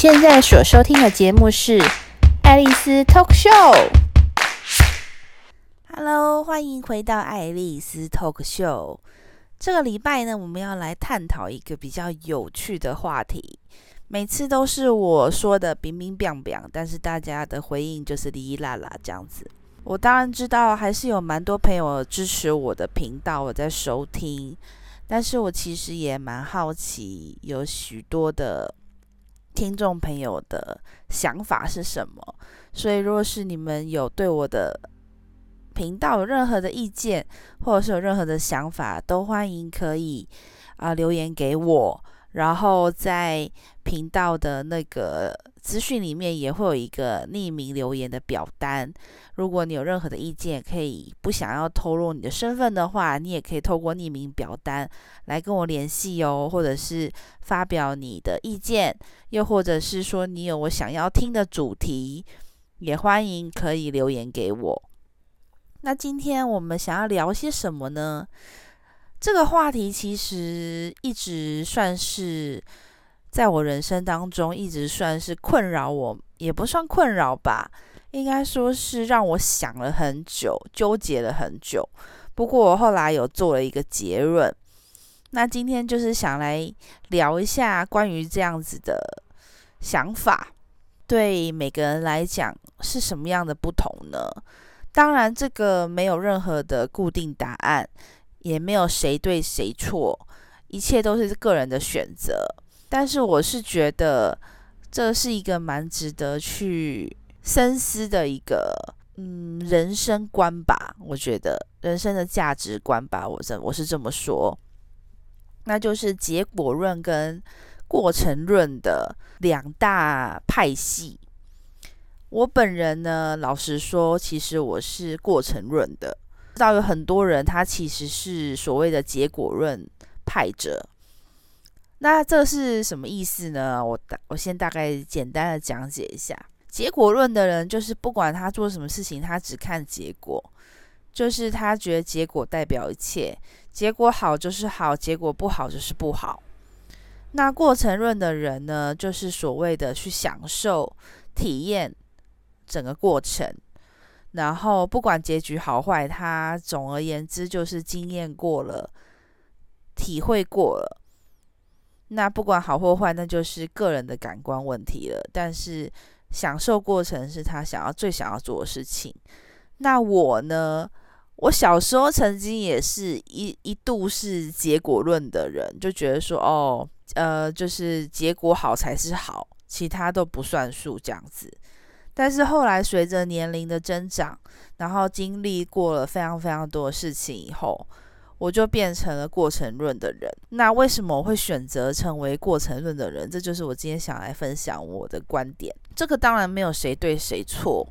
現在所收聽的節目是《愛麗絲 Talk Show》。Hello，歡迎回到《愛麗絲 Talk Show》。這個禮拜呢，我們要來探討一個比較有趣的話題。每次都是我說的 “bing bing bing bing”，但是大家的回應就是 “li la la” 這樣子。我當然知道，還是有蠻多朋友支持我的頻道，我在收聽。但是我其實也蠻好奇，有許多的聽眾朋友的想法是什麼？所以，如果是你們有對我的頻道有任何的意見，或者是有任何的想法，都歡迎可以啊、呃、留言給我。然後在頻道的那個資訊裡面也會有一個匿名留言的表單，如果你有任何的意見，可以不想要透露你的身份的話，你也可以透過匿名表單來跟我聯繫哦，或者是發表你的意見，又或者是說你有我想要聽的主題，也歡迎可以留言給我。那今天我們想要聊些什麼呢？這個話題其實一直算是在我人生當中一直算是困擾我，也不算困擾吧，應該說是讓我想了很久，糾結了很久。不過我後來有做了一個結論，那今天就是想來聊一下關於這樣子的想法，對每個人來講是什麼樣的不同呢？當然，這個沒有任何的固定答案。也沒有誰對誰錯，一切都是個人的選擇。但是我是覺得這是一個蠻值得去深思的，一個嗯人生觀吧，我覺得人生的價值觀吧，我這我是這麼說，那就是結果論跟過程論的兩大派系。我本人呢，老實說，其實我是過程論的。知道有很多人，他其實是所謂的結果論派者。那這是什麼意思呢？我大我先大概簡單的講解一下。結果論的人就是不管他做什麼事情，他只看結果，就是他覺得結果代表一切，結果好就是好，結果不好就是不好。那過程論的人呢，就是所謂的去享受體驗整個過程。然後不管結局好壞，他總而言之就是經驗過了，體會過了。那不管好或壞，那就是個人的感官問題了。但是享受過程是他想要最想要做的事情。那我呢？我小時候曾經也是一一度是結果論的人，就覺得說，哦，呃，就是結果好才是好，其他都不算數這樣子。但是後來隨着年齡的增長，然後經歷過了非常非常多的事情以後，我就變成了過程論的人。那為什麼我會選擇成為過程論的人？這就是我今天想來分享我的觀點。這個當然沒有誰對誰錯，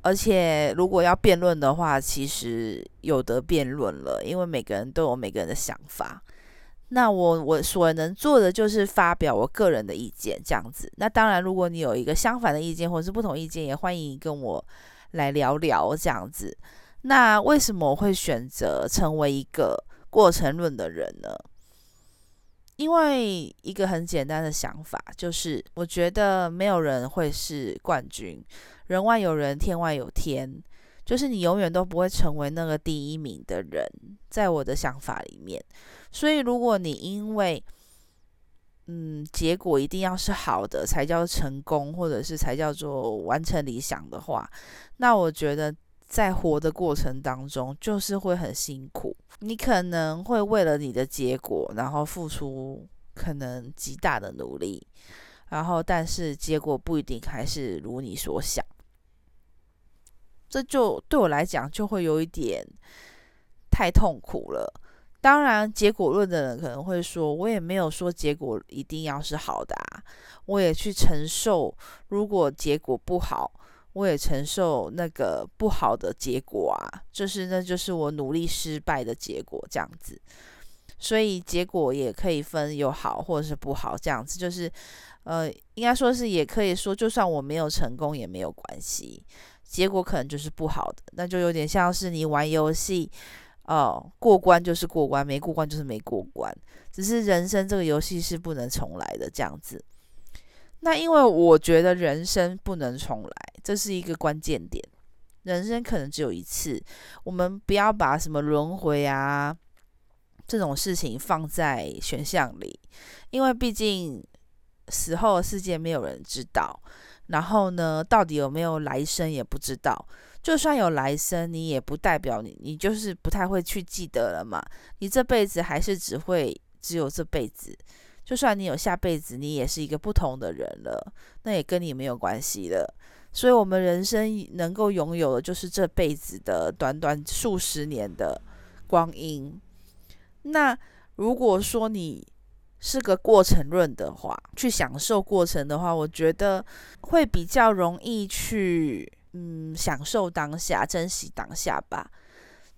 而且如果要辯論的話，其實有得辯論了，因為每個人都有每個人的想法。那我我所能做的就是發表我個人的意見，這樣子。那當然，如果你有一個相反的意見或者是不同意見，也歡迎跟我來聊聊，這樣子。那為什麼我會選擇成為一個過程論的人呢？因為一個很簡單的想法，就是我覺得沒有人會是冠軍，人外有人，天外有天。就是你永遠都不會成為那個第一名的人，在我的想法裡面。所以，如果你因為，嗯，結果一定要是好的才叫成功，或者是才叫做完成理想的話，那我覺得在活的過程當中，就是會很辛苦。你可能會為了你的結果，然後付出可能極大的努力，然後但是結果不一定還是如你所想。這就對我來講，就會有一點太痛苦了。當然，結果論的人可能會說，我也沒有說結果一定要是好的啊。我也去承受，如果結果不好，我也承受那個不好的結果啊。就是，那就是我努力失敗的結果這樣子。所以，結果也可以分有好或者是不好這樣子。就是，呃，應該說是，也可以說，就算我沒有成功，也沒有關係。結果可能就是不好的，那就有點像是你玩遊戲，哦，過關就是過關，沒過關就是沒過關。只是人生這個遊戲是不能重來的這樣子。那因為我覺得人生不能重來，這是一個關鍵點。人生可能只有一次，我們不要把什麼輪迴啊這種事情放在選項裡，因為畢竟死後的世界沒有人知道。然後呢，到底有沒有來生也不知道。就算有來生，你也不代表你，你就是不太會去記得了嘛。你這輩子還是只會只有這輩子。就算你有下輩子，你也是一個不同的人了，那也跟你沒有關係了。所以，我們人生能夠擁有的就是這輩子的短短數十年的光陰。那如果說你……是個過程論的話，去享受過程的話，我覺得會比較容易去，嗯，享受當下，珍惜當下吧。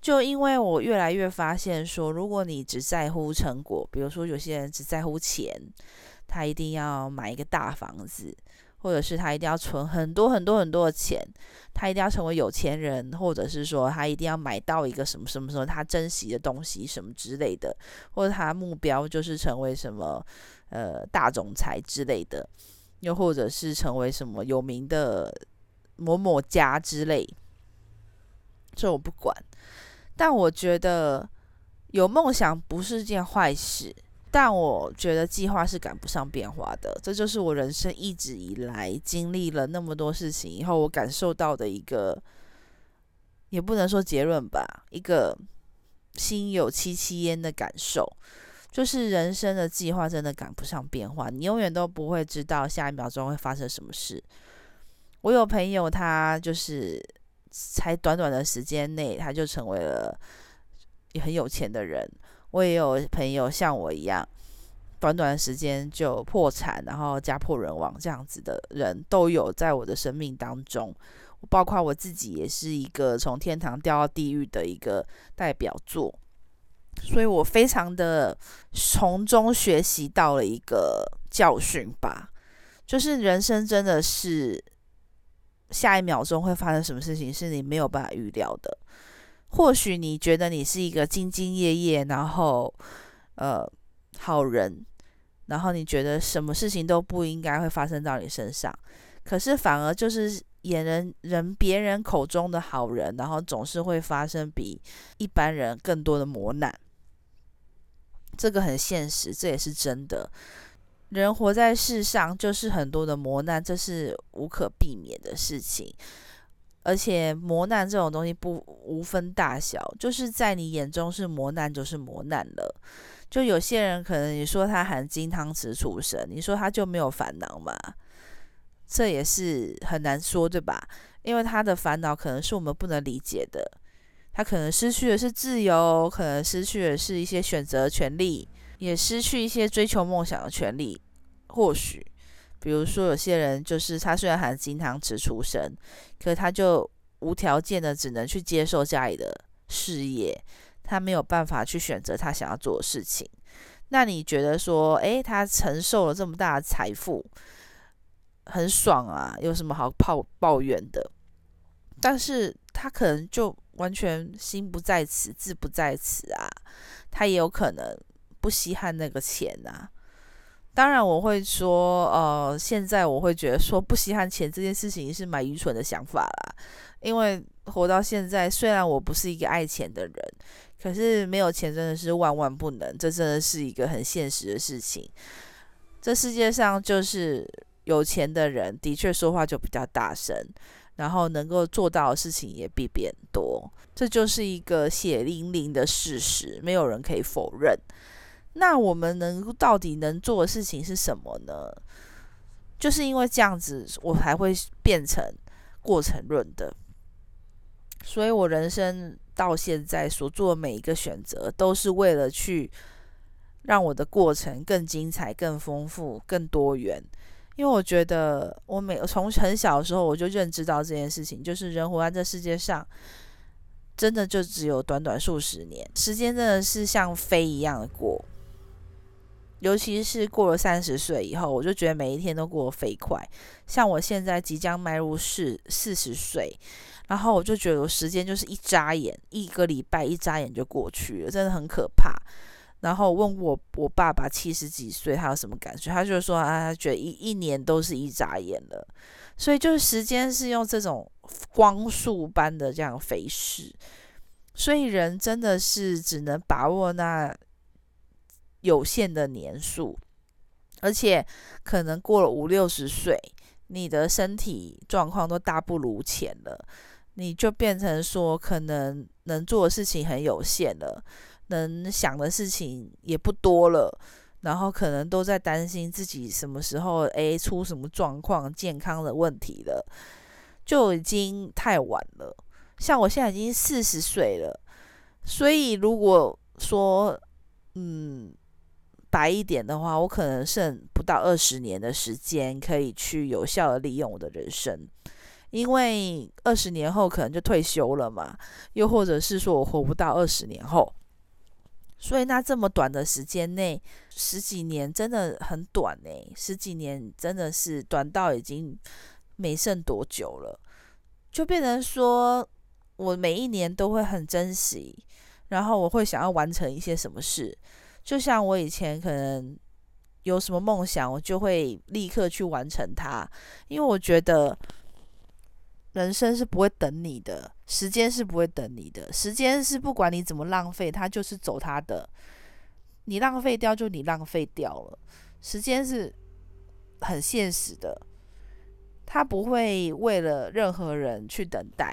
就因為我越來越發現說，如果你只在乎成果，比如說有些人只在乎錢，他一定要買一個大房子。或者是他一定要存很多很多很多的錢，他一定要成為有錢人，或者是說他一定要買到一個什麼什麼什麼他珍惜的東西什麼之類的，或者他目標就是成為什麼呃大總裁之類的，又或者是成為什麼有名的某某家之類。這我不管，但我覺得有夢想不是件壞事。但我覺得計劃是趕不上變化的，這就是我人生一直以來經歷了那麼多事情以後，我感受到的一個，也不能說結論吧，一個心有戚戚焉的感受，就是人生的計劃真的趕不上變化，你永遠都不會知道下一秒鐘會發生什麼事。我有朋友，他就是才短短的時間內，他就成為了也很有錢的人。我也有朋友像我一樣，短短時間就破產，然後家破人亡這樣子的人，都有在我的生命當中。包括我自己也是一個從天堂掉到地獄的一個代表作，所以我非常的從中學習到了一個教訓吧，就是人生真的是下一秒鐘會發生什麼事情是你沒有辦法預料的。或許你覺得你是一個兢兢業業，然後呃好人，然後你覺得什麼事情都不應該會發生到你身上，可是反而就是演人人別人口中的好人，然後總是會發生比一般人更多的磨難。這個很現實，這也是真的。人活在世上就是很多的磨難，這是無可避免的事情。而且磨難這種東西不無分大小，就是在你眼中是磨難就是磨難了。就有些人可能你說他含金湯匙出生，你說他就沒有煩惱嘛，這也是很難說，對吧？因為他的煩惱可能是我們不能理解的。他可能失去的是自由，可能失去的是一些選擇權利，也失去一些追求夢想的權利，或許。比如說，有些人就是他雖然含金湯匙出生，可他就無條件的只能去接受家裡的事業，他沒有辦法去選擇他想要做的事情。那你覺得說，哎，他承受了這麼大的財富，很爽啊，有什麼好抱抱怨的？但是他可能就完全心不在此，志不在此啊，他也有可能不稀罕那個錢啊。當然，我會說，呃，現在我會覺得說不稀罕錢這件事情是蠻愚蠢的想法啦。因為活到現在，雖然我不是一個愛錢的人，可是沒有錢真的是萬萬不能，這真的是一個很現實的事情。這世界上就是有錢的人的確說話就比較大聲，然後能夠做到的事情也比別人多，這就是一個血淋淋的事實，沒有人可以否認。那我們能到底能做的事情是什麼呢？就是因為這樣子，我才會變成過程論的。所以我人生到現在所做的每一個選擇，都是為了去讓我的過程更精彩、更豐富、更多元。因為我覺得，我每從很小的時候，我就認知到這件事情，就是人活在這世界上，真的就只有短短數十年，時間真的是像飛一樣的過。尤其是過了三十歲以後，我就覺得每一天都過得飛快。像我現在即將邁入四四十歲，然後我就覺得我時間就是一眨眼，一個禮拜一眨眼就過去了，真的很可怕。然後問我我爸爸七十幾歲他有什麼感受，他就說啊，他覺得一一年都是一眨眼了，所以就是時間是用這種光速般的這樣飛逝，所以人真的是只能把握那。有限的年數，而且可能過了五六十歲，你的身體狀況都大不如前了，你就變成說可能能做的事情很有限了，能想的事情也不多了，然後可能都在擔心自己什麼時候誒出什麼狀況，健康的問題了，就已經太晚了。像我現在已經四十歲了，所以如果說嗯。白一點的話，我可能剩不到二十年的時間可以去有效地利用我的人生，因為二十年後可能就退休了嘛，又或者是說我活不到二十年後，所以那這麼短的時間內，十幾年真的很短誒，十幾年真的是短到已經沒剩多久了，就變成說我每一年都會很珍惜，然後我會想要完成一些什麼事。就像我以前可能有什麼夢想，我就會立刻去完成它，因為我覺得人生是不會等你的，時間是不會等你的，時間是不管你怎麼浪費，它就是走它的，你浪費掉就你浪費掉了，時間是很現實的，它不會為了任何人去等待，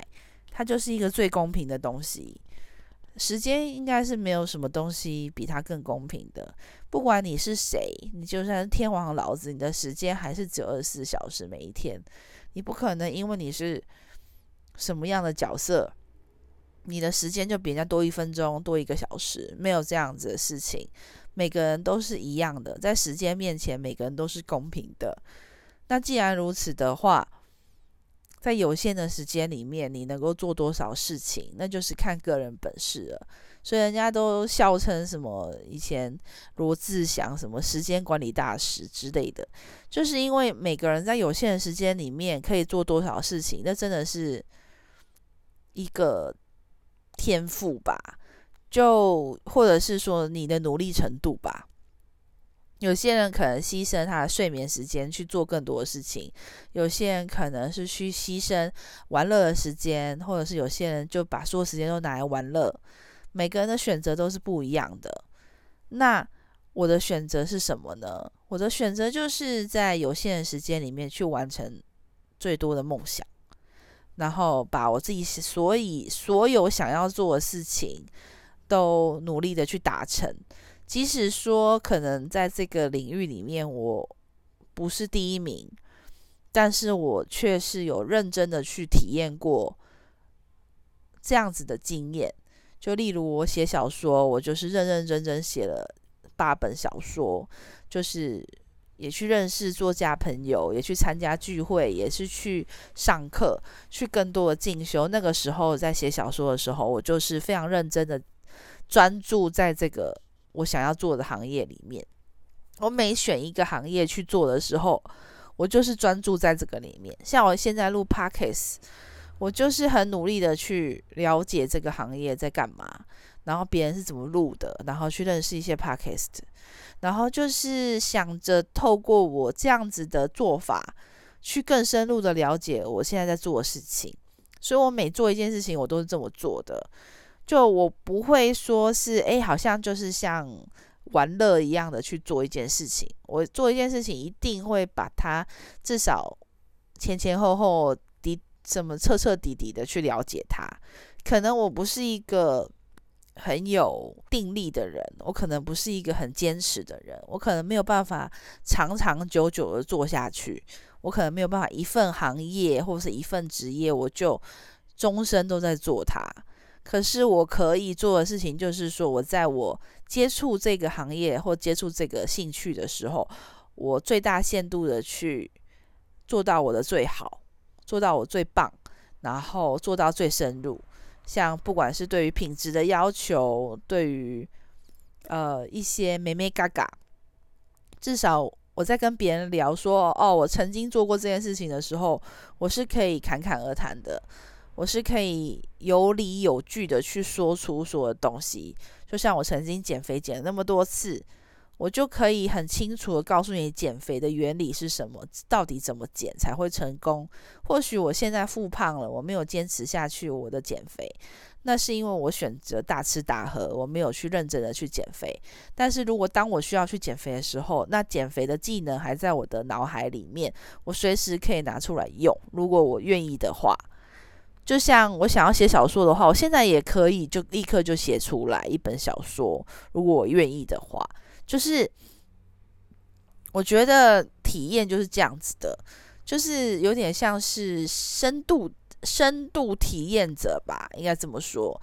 它就是一個最公平的東西。時間應該是沒有什麼東西比它更公平的。不管你是誰，你就算是天王老子，你的時間還是只有二十四小時每一天。你不可能因為你是什麼樣的角色，你的時間就比人家多一分鐘、多一個小時，沒有這樣子的事情。每個人都是一樣的，在時間面前，每個人都是公平的。那既然如此的話，在有限的時間裡面，你能夠做多少事情，那就是看個人本事了。所以人家都笑稱什麼以前羅志祥什麼時間管理大師之類的，就是因為每個人在有限的時間裡面可以做多少事情，那真的是一個天賦吧，就或者是說你的努力程度吧。有些人可能犧牲他的睡眠時間去做更多的事情，有些人可能是去犧牲玩樂的時間，或者是有些人就把所有時間都拿來玩樂。每個人的選擇都是不一樣的。那我的選擇是什麼呢？我的選擇就是在有限的時間裡面去完成最多的夢想，然後把我自己所以所有想要做的事情都努力的去達成。即使說可能在這個領域裡面，我不是第一名，但是我卻是有認真的去體驗過這樣子的經驗。就例如我寫小說，我就是認認真真寫了八本小說，就是也去認識作家朋友，也去參加聚會，也是去上課，去更多的進修。那個時候在寫小說的時候，我就是非常認真的專注在這個。我想要做的行業裡面，我每選一個行業去做的時候，我就是專注在這個裡面。像我現在錄 podcast，我就是很努力的去了解這個行業在幹嘛，然後別人是怎麼錄的，然後去認識一些 podcast，然後就是想着透過我這樣子的做法，去更深入的了解我現在在做的事情。所以我每做一件事情，我都是這麼做的。就我不會說是，哎，好像就是像玩樂一樣的去做一件事情。我做一件事情，一定會把它至少前前後後的怎麼徹徹底底的去了解它。可能我不是一個很有定力的人，我可能不是一個很堅持的人，我可能沒有辦法長長久久的做下去。我可能沒有辦法一份行業或者是一份職業，我就終身都在做它。可是我可以做的事情，就是說我在我接觸這個行業或接觸這個興趣的時候，我最大限度的去做到我的最好，做到我最棒，然後做到最深入。像不管是對於品質的要求，對於呃一些眉眉角角，至少我在跟別人聊說，哦，我曾經做過這件事情的時候，我是可以侃侃而談的。我是可以有理有據的去說出所有的東西，就像我曾經減肥減了那麼多次，我就可以很清楚的告訴你減肥的原理是什麼，到底怎麼減才會成功。或許我現在復胖了，我沒有堅持下去我的減肥，那是因為我選擇大吃大喝，我沒有去認真的去減肥。但是如果當我需要去減肥的時候，那減肥的技能還在我的腦海裡面，我隨時可以拿出來用，如果我願意的話。就像我想要寫小說的話，我現在也可以就立刻就寫出來一本小說。如果我願意的話，就是我覺得體驗就是這樣子的，就是有點像是深度深度體驗者吧，應該這麼說。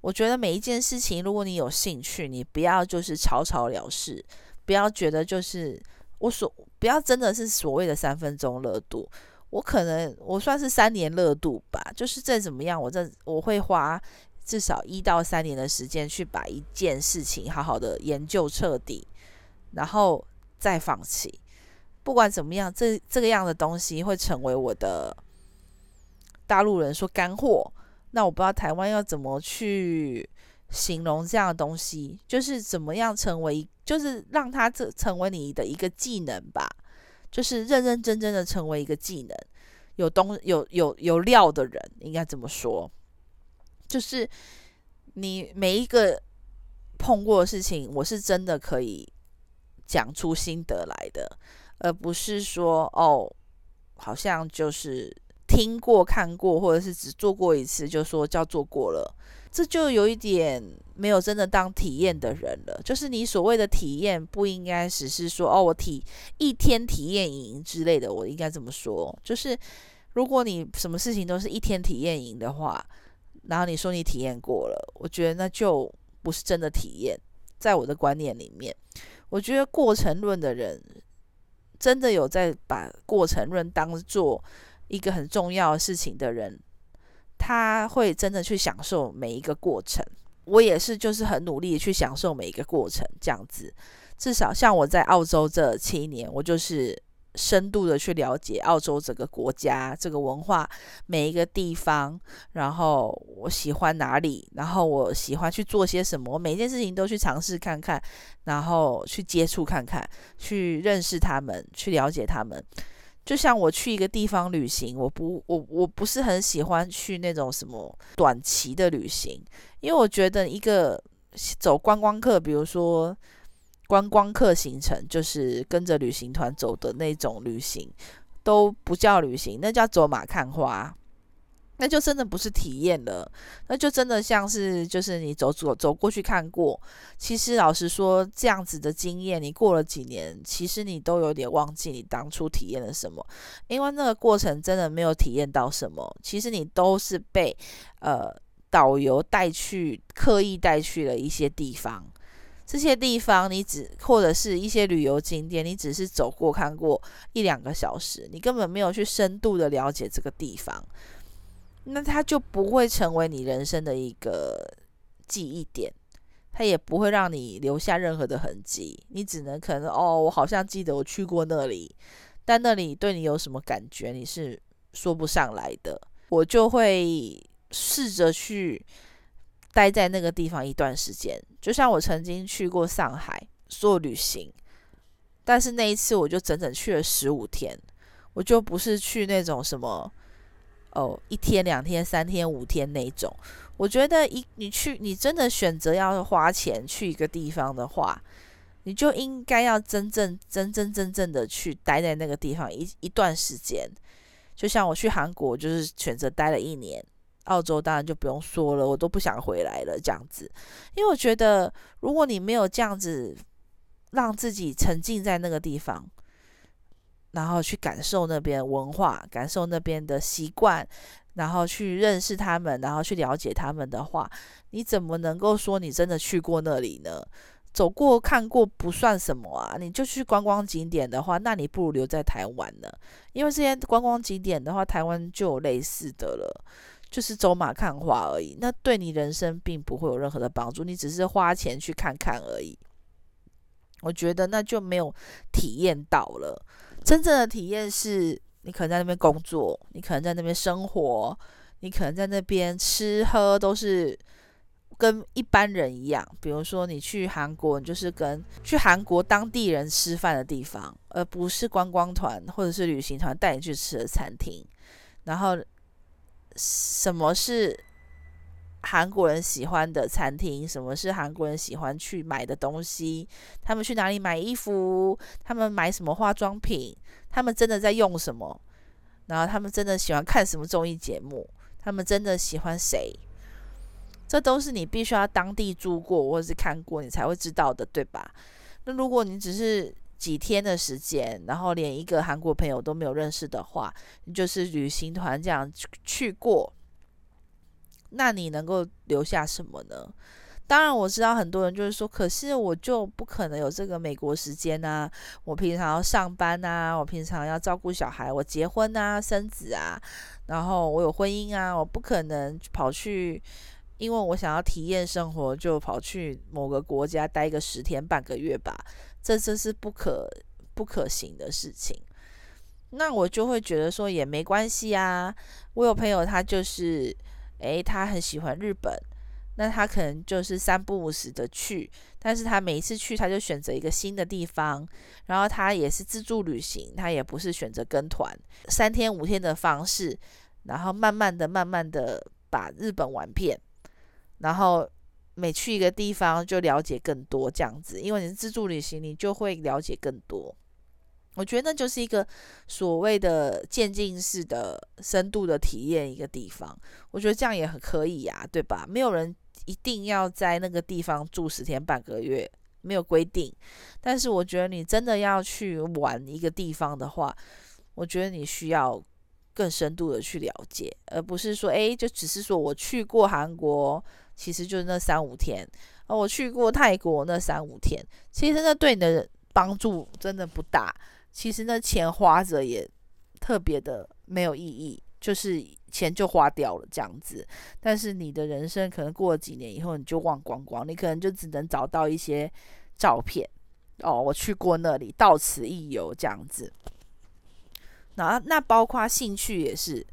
我覺得每一件事情，如果你有興趣，你不要就是草草了事，不要覺得就是我所，不要真的是所謂的三分鐘熱度。我可能我算是三年熱度吧，就是再怎麼樣，我這我會花至少一到三年的時間去把一件事情好好的研究徹底，然後再放棄。不管怎麼樣，這這個樣的東西會成為我的大陸人說乾貨。那我不知道台灣要怎麼去形容這樣的東西，就是怎麼樣成為，就是讓它這成為你的一個技能吧。就是認認真真的成為一個技能，有東有有有料的人，應該怎麼說？就是你每一個碰過的事情，我是真的可以講出心得來的，而不是說哦，好像就是。聽過、看過，或者是只做過一次，就說叫做過了，這就有一點沒有真的當體驗的人了。就是你所謂的體驗，不應該只是說哦，我體一天體驗營之類的。我應該這麼說？就是如果你什麼事情都是一天體驗營的話，然後你說你體驗過了，我覺得那就不是真的體驗。在我的觀念裡面，我覺得過程論的人真的有在把過程論當做。一個很重要的事情的人，他會真的去享受每一個過程。我也是，就是很努力去享受每一個過程，這樣子。至少像我在澳洲這七年，我就是深度的去了解澳洲這個國家、這個文化，每一個地方，然後我喜歡哪裡，然後我喜歡去做些什麼，每一件事情都去嘗試看看，然後去接觸看看，去認識他們，去了解他們。就像我去一個地方旅行，我不，我我不是很喜歡去那種什麼短期的旅行，因為我覺得一個走觀光客，比如說觀光客行程，就是跟着旅行團走的那種旅行，都不叫旅行，那叫走馬看花。那就真的不是體驗了，那就真的像是就是你走走走過去看過。其實老實說，這樣子的經驗，你過了幾年，其實你都有點忘記你當初體驗了什麼，因為那個過程真的沒有體驗到什麼。其實你都是被呃導遊帶去，刻意帶去了一些地方，這些地方你只或者是一些旅遊景點，你只是走過看過一兩個小時，你根本沒有去深度的了解這個地方。那它就不會成為你人生的一個記憶點，它也不會讓你留下任何的痕跡。你只能可能哦，我好像記得我去過那裡，但那裡對你有什麼感覺，你是說不上來的。我就會試着去待在那個地方一段時間。就像我曾經去過上海，做旅行，但是那一次我就整整去了十五天，我就不是去那種什麼。哦，oh, 一天、兩天、三天、五天那種，我覺得一你去，你真的選擇要花錢去一個地方的話，你就應該要真正、真真正正的去待在那個地方一一段時間。就像我去韓國，就是選擇待了一年；澳洲當然就不用說了，我都不想回來了這樣子。因為我覺得，如果你沒有這樣子讓自己沉浸在那個地方，然後去感受那邊文化，感受那邊的習慣，然後去認識他們，然後去了解他們的話，你怎麼能夠說你真的去過那裡呢？走過看過不算什麼啊！你就去觀光景點的話，那你不如留在台灣呢？因為這些觀光景點的話，台灣就有類似的了，就是走馬看花而已。那對你人生並不會有任何的幫助，你只是花錢去看看而已。我覺得那就沒有體驗到了。真正的體驗是你可能在那邊工作，你可能在那邊生活，你可能在那邊吃喝都是跟一般人一樣。比如說你去韓國，你就是跟去韓國當地人吃飯的地方，而不是觀光團或者是旅行團帶你去吃的餐廳。然後什麼是？韓國人喜歡的餐廳，什麼是韓國人喜歡去買的東西？他們去哪裡買衣服？他們買什麼化妝品？他們真的在用什麼？然後他們真的喜歡看什麼綜藝節目？他們真的喜歡誰？這都是你必須要當地住過或是看過，你才會知道的，對吧？那如果你只是幾天的時間，然後連一個韓國朋友都沒有認識的話，你就是旅行團這樣去過。那你能夠留下什麼呢？當然，我知道很多人就是說，可是我就不可能有這個美國時間啊！我平常要上班啊，我平常要照顧小孩，我結婚啊、生子啊，然後我有婚姻啊，我不可能跑去，因為我想要體驗生活，就跑去某個國家待個十天半個月吧，這真是不可不可行的事情。那我就會覺得說也沒關係啊，我有朋友他就是。誒，他很喜歡日本，那他可能就是三不五時的去，但是他每一次去，他就選擇一個新的地方，然後他也是自助旅行，他也不是選擇跟團，三天五天的方式，然後慢慢的、慢慢的把日本玩遍，然後每去一個地方就了解更多這樣子，因為你是自助旅行，你就會了解更多。我覺得那就是一個所謂的漸進式的深度的體驗一個地方，我覺得這樣也很可以呀、啊，對吧？沒有人一定要在那個地方住十天半個月，沒有規定。但是我覺得你真的要去玩一個地方的話，我覺得你需要更深度的去了解，而不是說，哎，就只是說我去過韓國，其實就是那三五天，而我去過泰國那三五天，其實那對你的幫助真的不大。其實那錢花着也特別的沒有意義，就是錢就花掉了這樣子。但是你的人生可能過了幾年以後，你就忘光光，你可能就只能找到一些照片哦，我去過那裡，到此一遊這樣子。那那包括興趣也是，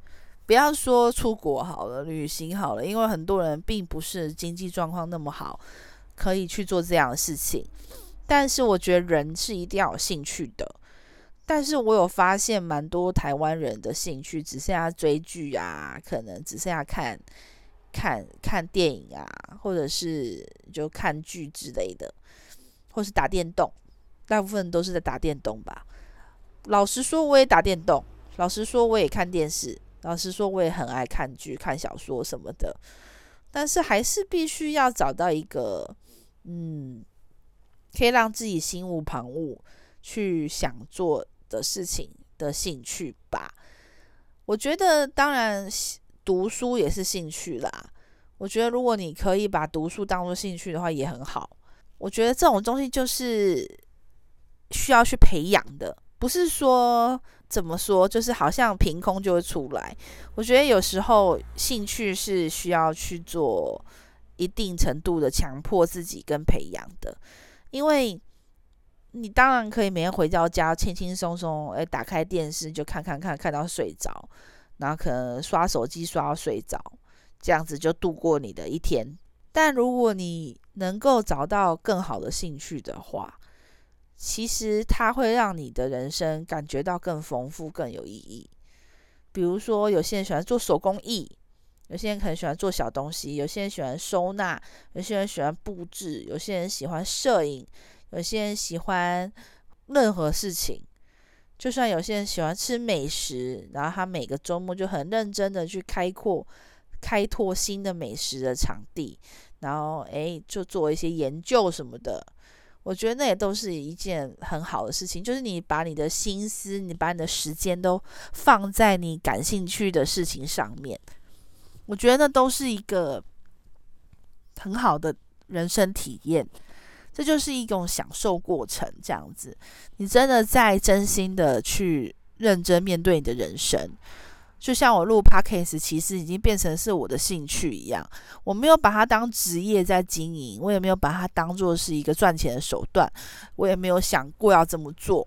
不要說出國好了，旅行好了，因為很多人並不是經濟狀況那麼好，可以去做這樣的事情。但是我覺得人是一定要有興趣的。但是我有發現蠻多台灣人的興趣只剩下追劇啊，可能只剩下看看看電影啊，或者是就看劇之類的，或是打電動，大部分都是在打電動吧。老實說，我也打電動；老實說，我也看電視；老實說，我也很愛看劇、看小說什麼的。但是還是必須要找到一個嗯，可以讓自己心無旁騖去想做。的事情的興趣吧，我覺得當然讀書也是興趣啦。我覺得如果你可以把讀書當做興趣的話，也很好。我覺得這種東西就是需要去培養的，不是說怎麼說，就是好像憑空就會出來。我覺得有時候興趣是需要去做一定程度的強迫自己跟培養的，因為。你當然可以每天回到家，輕輕鬆鬆，誒、欸，打開電視就看看，看看，看到睡着，然後可能刷手機刷到睡着，這樣子就度過你的一天。但如果你能夠找到更好的興趣的話，其實它會讓你的人生感覺到更豐富、更有意義。比如說，有些人喜歡做手工藝，有些人可能喜歡做小東西，有些人喜歡收納，有些人喜歡布置，有些人喜歡攝影。有些人喜歡任何事情，就算有些人喜歡吃美食，然後他每個周末就很認真的去開闊、開拓新的美食的場地，然後誒，就做一些研究什麼的。我覺得那也都是一件很好的事情，就是你把你的心思、你把你的時間都放在你感興趣的事情上面，我覺得那都是一個很好的人生體驗。這就是一種享受過程，這樣子，你真的在真心的去認真面對你的人生。就像我錄 podcast，其實已經變成是我的興趣一樣，我沒有把它當職業在經營，我也沒有把它當作是一個賺錢的手段，我也沒有想過要這麼做。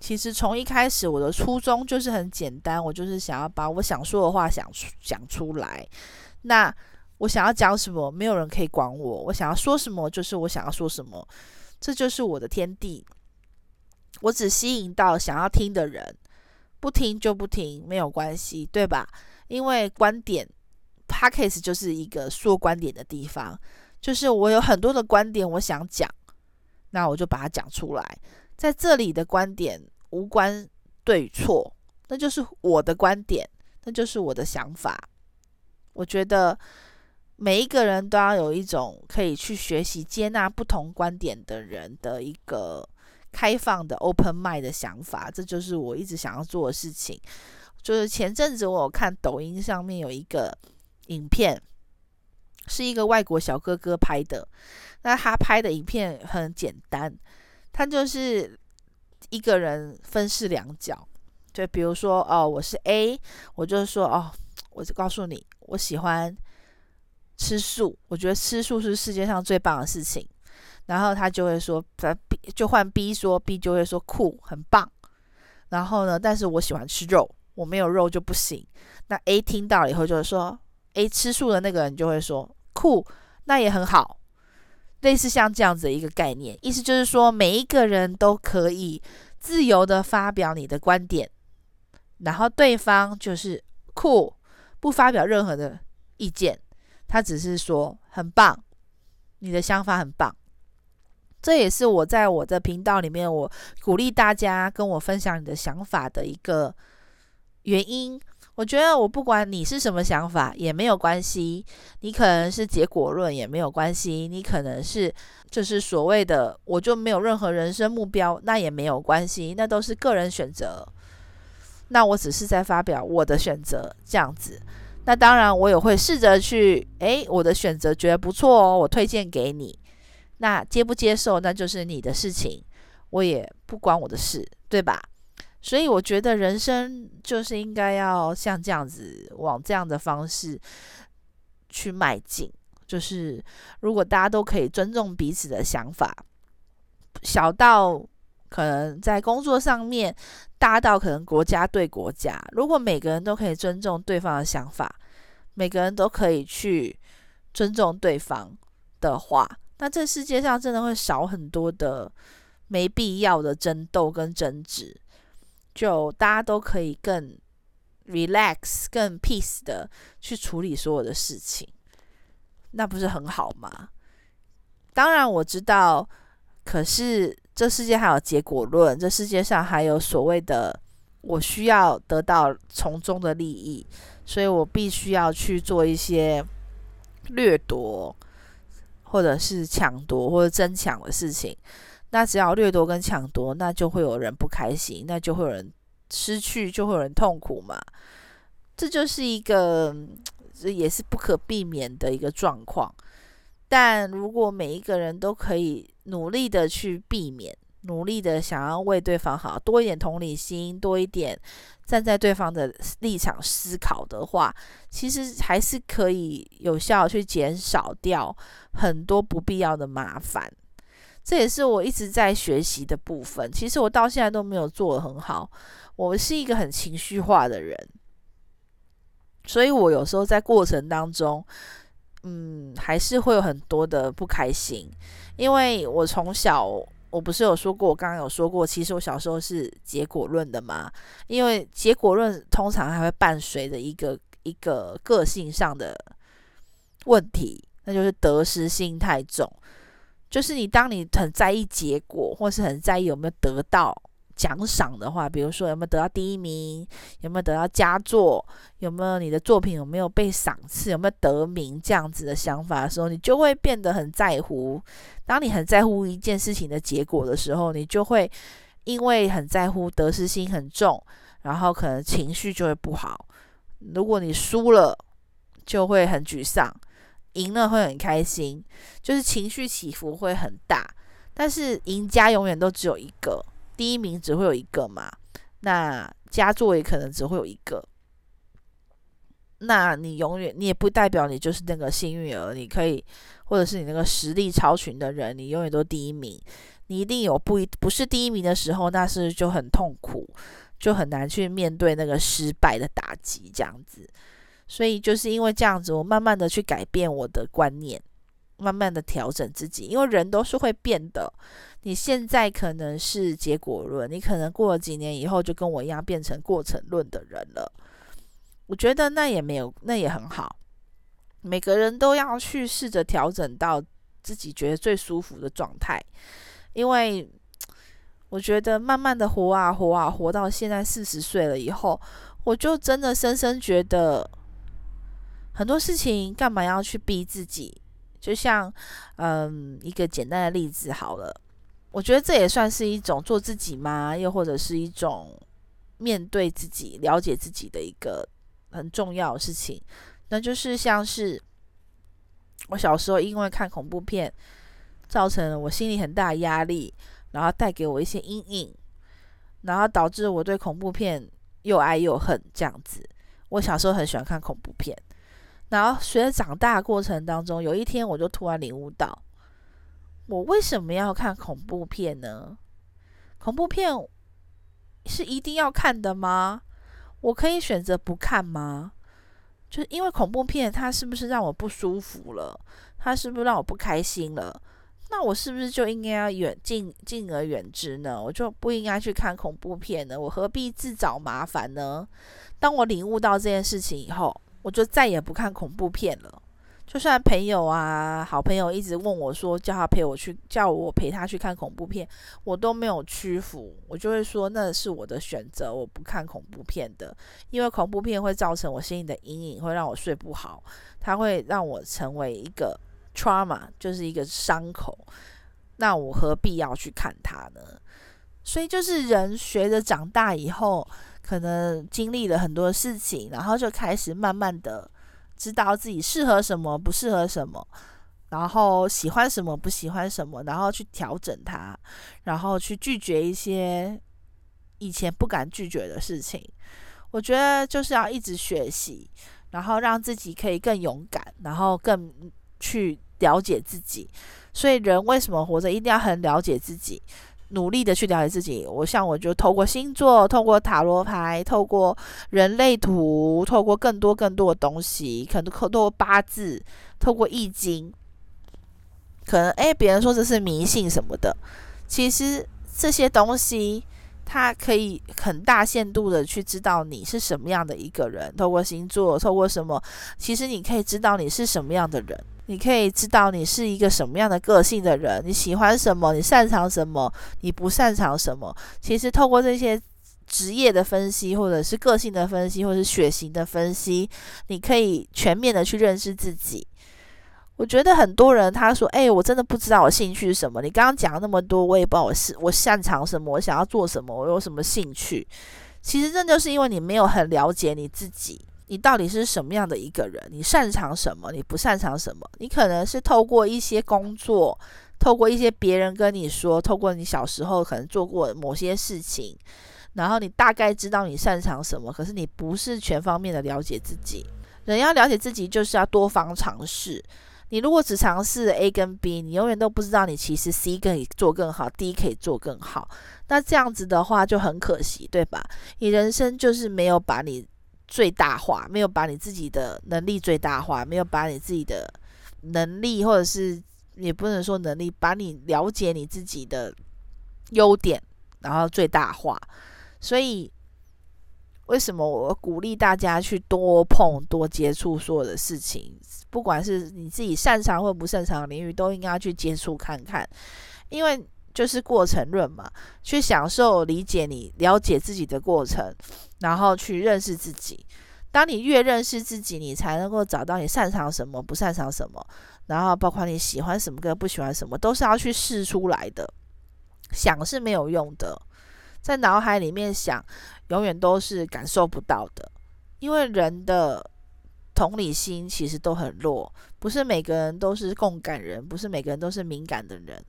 其實從一開始，我的初衷就是很簡單，我就是想要把我想說的話想講出來。那我想要講什麼，沒有人可以管我。我想要說什麼，就是我想要說什麼，這就是我的天地。我只吸引到想要聽的人，不聽就不聽，沒有關係，對吧？因為觀點 Podcast 就是一個說觀點的地方。就是我有很多的觀點，我想講，那我就把它講出來。在這裡的觀點無關對與錯，那就是我的觀點，那就是我的想法。我覺得。每一個人都要有一種可以去學習、接納不同觀點的人的一個開放的 （open mind） 的想法，這就是我一直想要做的事情。就是前陣子我有看抖音上面有一個影片，是一個外國小哥哥拍的。那他拍的影片很簡單，他就是一個人分飾兩角。就比如說哦，我是 A，我就說哦，我就告訴你，我喜歡。吃素，我覺得吃素是世界上最棒的事情。然後他就會說，反正就換 B 說，B 就會說酷，很棒。然後呢，但是我喜歡吃肉，我沒有肉就不行。那 A 聽到以後就會說，A 吃素的那個人就會說酷，那也很好。類似像這樣子的一個概念，意思就是說每一個人都可以自由地發表你的觀點，然後對方就是酷，不發表任何的意見。他只是說很棒，你的想法很棒，這也是我在我的頻道裡面，我鼓勵大家跟我分享你的想法的一個原因。我覺得，我不管你是什麼想法也沒有關係，你可能是結果論也沒有關係，你可能是就是所謂的我就沒有任何人生目標，那也沒有關係，那都是個人選擇。那我只是在發表我的選擇這樣子。那當然，我也會試着去。哎，我的選擇覺得不錯哦，我推薦給你。那接不接受，那就是你的事情，我也不關我的事，對吧？所以我覺得人生就是應該要像這樣子，往這樣的方式去邁進。就是如果大家都可以尊重彼此的想法，小到可能在工作上面。大到可能國家對國家，如果每個人都可以尊重對方的想法，每個人都可以去尊重對方的話，那這世界上真的會少很多的沒必要的爭鬥跟爭執，就大家都可以更 relax、更 peace 的去處理所有的事情，那不是很好嗎？當然我知道，可是。這世界還有結果論，這世界上還有所謂的我需要得到從中的利益，所以我必須要去做一些掠奪，或者是搶奪或者爭搶的事情。那只要掠奪跟搶奪，那就會有人不開心，那就會有人失去，就會有人痛苦嘛。這就是一個，也是不可避免的一個狀況。但如果每一個人都可以努力的去避免，努力的想要為對方好，好多一點同理心，多一點站在對方的立場思考的話，其實還是可以有效去減少掉很多不必要的麻煩。這也是我一直在學習的部分。其實我到現在都沒有做得很好，我是一個很情緒化的人，所以我有時候在過程當中。嗯，還是會有很多的不開心，因為我從小，我不是有說過，我剛剛有說過，其實我小時候是結果論的嘛。因為結果論通常還會伴隨着一個一個個性上的問題，那就是得失心太重。就是你當你很在意結果，或是很在意有沒有得到。獎賞的話，比如說有沒有得到第一名，有沒有得到佳作，有沒有你的作品有沒有被賞賜，有沒有得名這樣子的想法的時候，你就會變得很在乎。當你很在乎一件事情的結果的時候，你就會因為很在乎，得失心很重，然後可能情緒就會不好。如果你輸了，就會很沮喪；贏了會很開心，就是情緒起伏會很大。但是贏家永遠都只有一個。第一名只會有一個嘛，那佳作也可能只會有一個。那你永遠你也不代表你就是那個幸運兒，你可以或者是你那個實力超群的人，你永遠都第一名。你一定有不一不是第一名的時候，那是就很痛苦，就很難去面對那個失敗的打擊這樣子。所以就是因為這樣子，我慢慢的去改變我的觀念，慢慢的調整自己，因為人都是會變的。你現在可能是結果論，你可能過了幾年以後就跟我一樣變成過程論的人了。我覺得那也沒有，那也很好。每個人都要去試着調整到自己覺得最舒服的狀態，因為我覺得慢慢的活啊活啊活到現在四十歲了以後，我就真的深深覺得很多事情幹嘛要去逼自己？就像，嗯，一個簡單的例子好了。我覺得這也算是一種做自己嗎？又或者是一種面對自己、了解自己的一個很重要的事情。那就是像是我小時候因為看恐怖片，造成了我心裡很大的壓力，然後帶給我一些陰影，然後導致我對恐怖片又愛又恨這樣子。我小時候很喜歡看恐怖片，然後隨着長大的過程當中，有一天我就突然領悟到，我為什麼要看恐怖片呢？恐怖片是一定要看的嗎？我可以選擇不看嗎？就因為恐怖片，它是不是讓我不舒服了？它是不是讓我不開心了？那我是不是就應該要遠敬敬而遠之呢？我就不應該去看恐怖片呢？我何必自找麻煩呢？當我領悟到這件事情以後，我就再也不看恐怖片了。就算朋友啊，好朋友一直問我說，叫他陪我去，叫我陪他去看恐怖片，我都沒有屈服。我就會說，那是我的選擇，我不看恐怖片的，因為恐怖片會造成我心裡的陰影，會讓我睡不好，它會讓我成為一個 trauma，就是一個傷口。那我何必要去看它呢？所以就是人學着長大以後，可能經歷了很多事情，然後就開始慢慢的。知道自己適合什麼，不適合什麼，然後喜歡什麼，不喜歡什麼，然後去調整它，然後去拒絕一些以前不敢拒絕的事情。我覺得就是要一直學習，然後讓自己可以更勇敢，然後更去了解自己。所以人為什麼活着，一定要很了解自己。努力的去了解自己，我像我就透過星座，透過塔羅牌，透過人類圖，透過更多更多的東西，可能都透過八字，透過易經，可能，哎，欸，別人說這是迷信什麼的，其實這些東西它可以很大限度的去知道你是什麼樣的一個人，透過星座，透過什麼，其實你可以知道你是什麼樣的人。你可以知道你是一個什麼樣的個性的人，你喜歡什麼，你擅長什麼，你不擅長什麼。其實透過這些職業的分析，或者是個性的分析，或者是血型的分析，你可以全面的去認識自己。我覺得很多人他說：“哎，我真的不知道我興趣是什麼。”你剛剛講那麼多，我也不知道我擅我擅長什麼，我想要做什麼，我有什麼興趣？其實這就是因為你沒有很了解你自己。你到底是什麼樣的一個人？你擅長什麼？你不擅長什麼？你可能是透過一些工作，透過一些別人跟你說，透過你小時候可能做過某些事情，然後你大概知道你擅長什麼。可是你不是全方面的了解自己。人要了解自己，就是要多方嘗試。你如果只嘗試 A 跟 B，你永遠都不知道你其實 C 可以做更好，D 可以做更好。那這樣子的話就很可惜，對吧？你人生就是沒有把你。最大化，沒有把你自己的能力最大化，沒有把你自己的能力，或者是也不能說能力，把你了解你自己的優點，然後最大化。所以，為什麼我鼓勵大家去多碰、多接觸所有的事情，不管是你自己擅長或不擅長的領域，都應該去接觸看看，因為就是過程論嘛，去享受理解你、了解自己的過程。然後去認識自己。當你越認識自己，你才能夠找到你擅長什麼，不擅長什麼。然後包括你喜歡什麼跟不喜歡什麼，都是要去試出來的。想是沒有用的，在腦海裡面想，永遠都是感受不到的。因為人的同理心其實都很弱，不是每個人都是共感人，不是每個人都是敏感的人，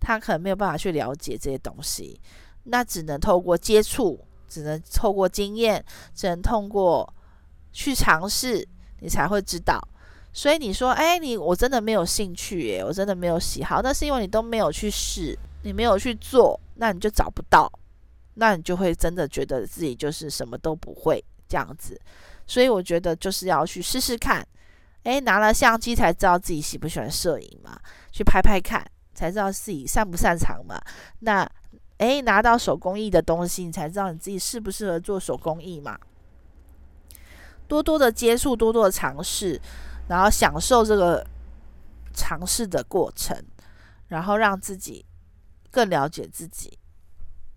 他可能沒有辦法去了解這些東西。那只能透過接觸。只能透過經驗，只能通過去嘗試，你才會知道。所以你說，哎，你我真的沒有興趣耶，我真的沒有喜好，那是因為你都沒有去試，你沒有去做，那你就找不到，那你就會真的覺得自己就是什麼都不會這樣子。所以我覺得就是要去試試看，哎，拿了相機才知道自己喜不喜歡攝影嘛，去拍拍看才知道自己擅不擅長嘛。那。可以拿到手工藝的東西，你才知道你自己適不適合做手工藝嘛。多多的接觸，多多的嘗試，然後享受這個嘗試的過程，然後讓自己更了解自己，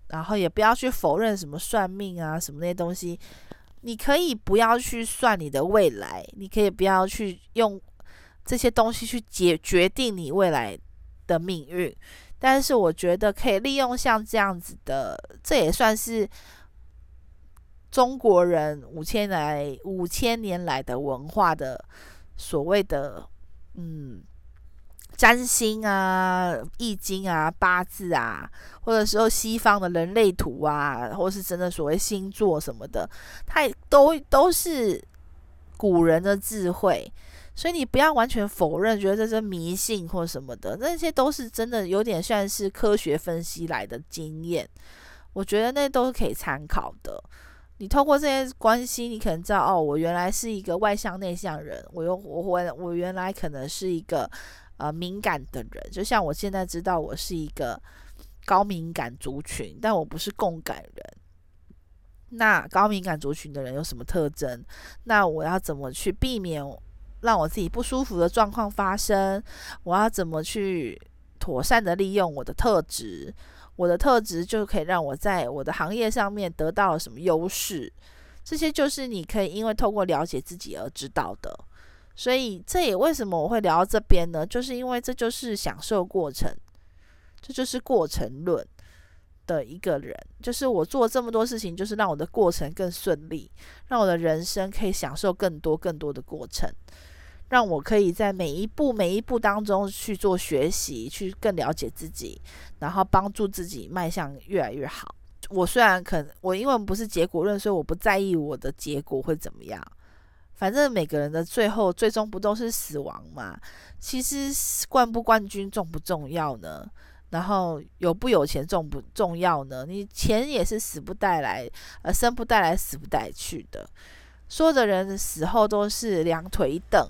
然後也不要去否認什麼算命啊，什麼那些東西。你可以不要去算你的未來，你可以不要去用這些東西去決定你未來的命運。但是我覺得可以利用像這樣子的，這也算是中國人五千來五千年來的文化的所謂的嗯，占星啊、易經啊、八字啊，或者說西方的人類圖啊，或者是真的所謂星座什麼的，它也都都是古人的智慧。所以你不要完全否認，覺得這是迷信或什麼的，那些都是真的，有點算是科學分析來的經驗。我覺得那都是可以參考的。你透過這些關係，你可能知道哦，我原來是一個外向內向人，我又我我我原來可能是一個呃敏感的人，就像我現在知道我是一個高敏感族群，但我不是共感人。那高敏感族群的人有什麼特徵？那我要怎麼去避免？讓我自己不舒服的狀況發生，我要怎麼去妥善的利用我的特質？我的特質就可以讓我在我的行業上面得到了什麼優勢？這些就是你可以因為透過了解自己而知道的。所以，這也為什麼我會聊到這邊呢？就是因為，這就是享受過程，這就是過程論。的一個人，就是我做這麼多事情，就是讓我的過程更順利，讓我的人生可以享受更多更多的過程，讓我可以在每一步每一步當中去做學習，去更了解自己，然後幫助自己邁向越來越好。我雖然可能我因為不是結果論，所以我不在意我的結果會怎麼樣，反正每個人的最後最終不都是死亡嘛？其實冠不冠軍重不重要呢？然後有不有錢重不重要呢？你錢也是死不帶來，呃生不帶來死不帶去的。說的人死後都是兩腿一蹬，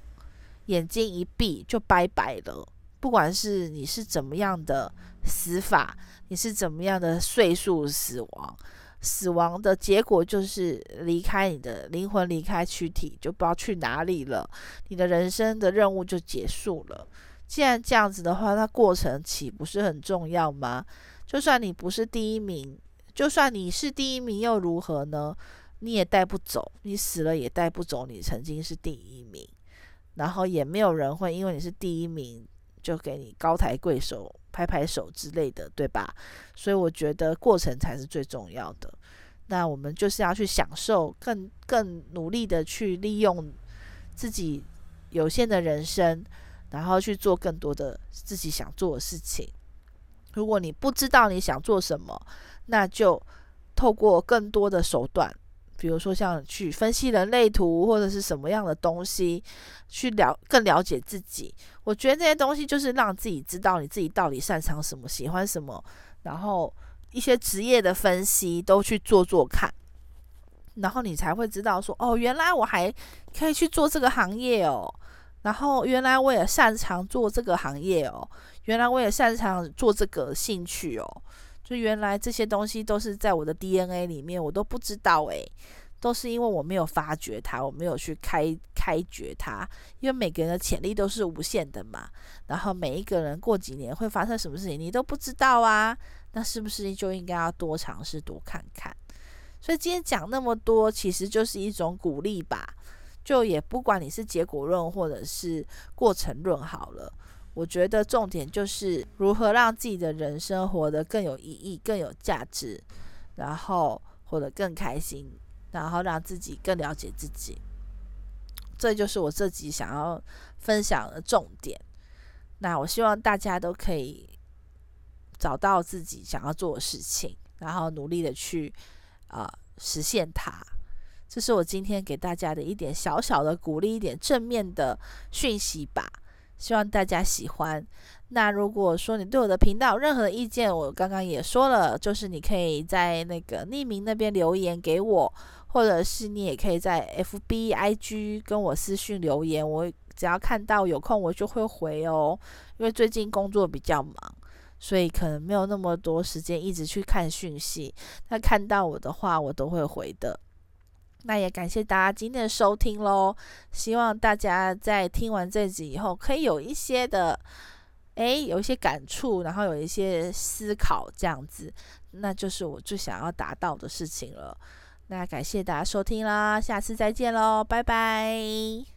眼睛一閉就拜拜了。不管是你是怎麼樣的死法，你是怎麼樣的歲數死亡，死亡的結果就是離開你的靈魂，離開軀體，就不知道去哪裡了。你的人生的任務就結束了。既然這樣子的話，那過程豈不是很重要嗎？就算你不是第一名，就算你是第一名又如何呢？你也帶不走，你死了也帶不走。你曾經是第一名，然後也沒有人會因為你是第一名就給你高抬貴手、拍拍手之類的，對吧？所以我覺得過程才是最重要的。那我們就是要去享受，更更努力的去利用自己有限的人生。然後去做更多的自己想做的事情。如果你不知道你想做什麼，那就透過更多的手段，比如說像去分析人類圖或者是什麼樣的東西，去了更了解自己。我覺得這些東西就是讓自己知道你自己到底擅長什麼、喜歡什麼，然後一些職業的分析都去做做看，然後你才會知道說：哦，原來我還可以去做這個行業哦。然後原來我也擅長做這個行業哦，原來我也擅長做這個興趣哦，就原來這些東西都是在我的 DNA 裡面，我都不知道誒、哎，都是因為我沒有發掘它，我沒有去開開掘它，因為每個人的潛力都是無限的嘛。然後每一個人過幾年會發生什麼事情，你都不知道啊，那是不是就應該要多嘗試多看看？所以今天講那麼多，其實就是一種鼓勵吧。就也不管你是結果論或者是過程論好了，我覺得重點就是如何讓自己的人生活得更有意義、更有價值，然後活得更開心，然後讓自己更了解自己。這就是我自己想要分享的重點。那我希望大家都可以找到自己想要做的事情，然後努力的去，啊，呃，實現它。這是我今天給大家的一點小小的鼓勵，一點正面的訊息吧。希望大家喜歡。那如果說你對我的頻道有任何意見，我剛剛也說了，就是你可以在那個匿名那邊留言給我，或者是你也可以在 FB、IG 跟我私訊留言。我只要看到有空，我就會回哦。因為最近工作比較忙，所以可能沒有那麼多時間一直去看訊息。那看到我的話，我都會回的。那也感謝大家今天的收聽嘍，希望大家在聽完這集以後，可以有一些的，誒，有一些感觸，然後有一些思考，這樣子，那就是我最想要達到的事情了。那感謝大家收聽啦，下次再見嘍，拜拜。